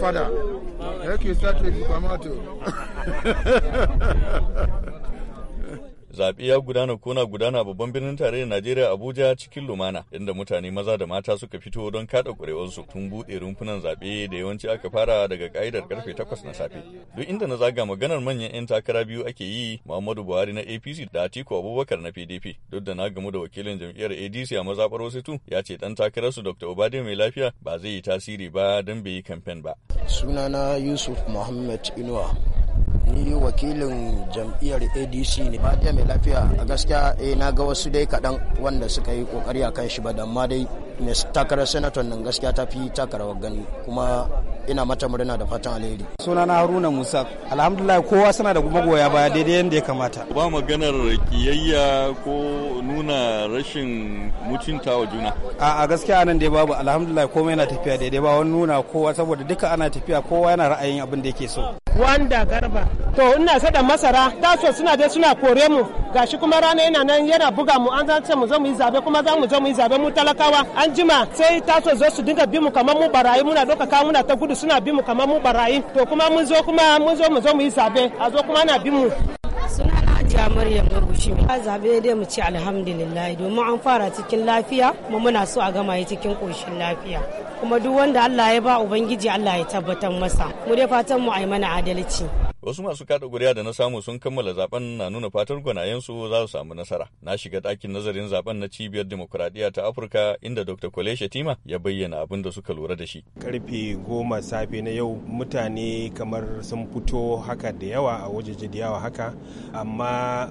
father. thank you start with zaɓe ya gudana kona gudana babban birnin tarayyar Najeriya Abuja cikin lumana inda mutane maza da mata suka fito don kaɗa ƙuri'unsu tun buɗe rumfunan zaɓe da yawanci aka fara daga ka'idar karfe 8 na safe. Duk inda na zaga maganar manyan 'yan takara biyu ake yi Muhammadu Buhari na APC da Atiku Abubakar na PDP. Duk da na gamu da wakilin jam'iyyar ADC a mazaɓar Wasitu ya ce ɗan takararsu Dr. Obade mai lafiya ba zai yi tasiri ba don bai yi kamfen ba. Sunana Yusuf Muhammad Inuwa ni wakilin jam'iyyar adc ne Ba ɗaya mai lafiya a gaskiya eh na ga wasu dai kaɗan wanda suka yi kokari a kan shi ba da amma dai mai takarar senator nan gaskiya ta fi takarar gani kuma ina mata murna da fatan alheri na haruna musa alhamdulillah kowa suna da magoya baya daidai yadda ya kamata ba maganar kiyayya ko nuna rashin mutunta wa juna a gaskiya anan dai babu alhamdulillah komai yana tafiya daidai ba wani nuna kowa saboda duka ana tafiya kowa yana ra'ayin abin da yake so Wanda Garba. To ina sada masara taso suna je suna kore mu gashi kuma rana yana nan yana buga mu an zance mu zamu yi zabe kuma za mu mu yi zabe mu talakawa an jima sai taso zo su dinga bi mu kamar mu barayi muna doka ka muna ta gudu suna bi mu kamar mu barayi to kuma mun zo kuma mun zo mu zo mu yi zabe a zo kuma ana bi mu. hajiya maryam murgushi a zabe dai mu ce alhamdulillah domin an fara cikin lafiya kuma muna so a gama yi cikin koshin lafiya kuma duk wanda Allah ya ba ubangiji Allah ya tabbatar masa mu dai fatan mu a yi mana adalci Wasu masu kada guriya da na samu sun kammala zaben na nuna fatar gwanayensu za su samu nasara. Na shiga ɗakin nazarin zaben na cibiyar demokuraɗiyya ta Afirka inda Dr. Kwale Shatima ya bayyana abin da suka lura da shi. Karfe goma safe na yau mutane kamar sun fito haka da yawa a wajeje da yawa haka amma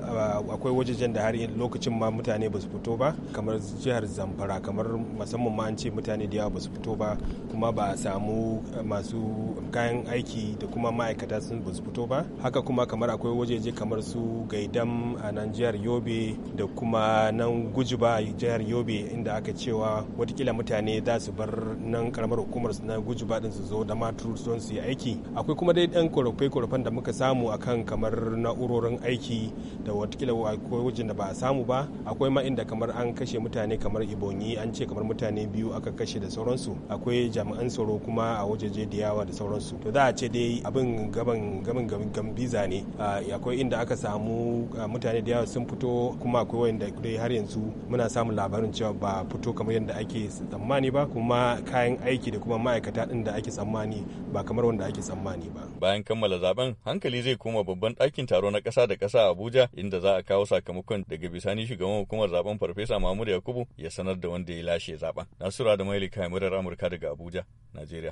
uh, akwai wajejen da har lokacin ma mutane ba su fito ba kamar jihar Zamfara kamar musamman ma an ce mutane da yawa ba su fito ba kuma ba a samu masu kayan aiki da kuma ma'aikata sun ba su fito fito ba haka kuma kamar akwai wajeje kamar su gaidam a nan jihar yobe da kuma nan guji ba jihar yobe inda aka cewa watakila mutane za su bar nan karamar hukumar su na guji ba din su zo da matur don su yi aiki akwai kuma dai dan korafe-korafen da muka samu akan kamar na'urorin aiki da watakila akwai wajen da ba a samu ba akwai ma inda kamar an kashe mutane kamar ibonyi an ce kamar mutane biyu aka kashe da sauransu akwai jami'an tsaro kuma a wajeje da yawa da sauransu to za a ce dai abin gaban gaban gambiza ne akwai inda aka samu mutane da yawa sun fito kuma akwai wanda dai har yanzu muna samun labarin cewa ba fito kamar yadda ake tsammani ba kuma kayan aiki da kuma ma'aikata din da ake tsammani ba kamar wanda ake tsammani ba bayan kammala zaben hankali zai koma babban ɗakin taro na ƙasa da ƙasa Abuja inda za a kawo sakamakon daga bisani shugaban hukumar zaben farfesa Mahmud Yakubu ya sanar da wanda ya lashe zaben Nasura da Maili murar Amurka daga Abuja Najeriya